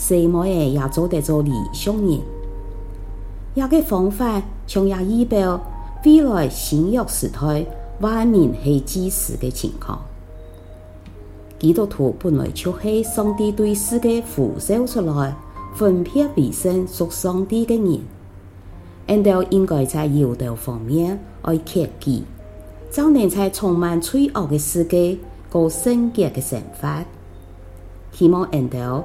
四細妹也，也做得做理想人，有個方法從也預表未來新約時代萬民係幾時嘅情況。基督徒本來就係上帝對世界呼召出來分別為聖，屬上帝嘅人，人應該在要求方面愛潔記，早年在充滿罪惡嘅世界過聖潔嘅生活。希望 a n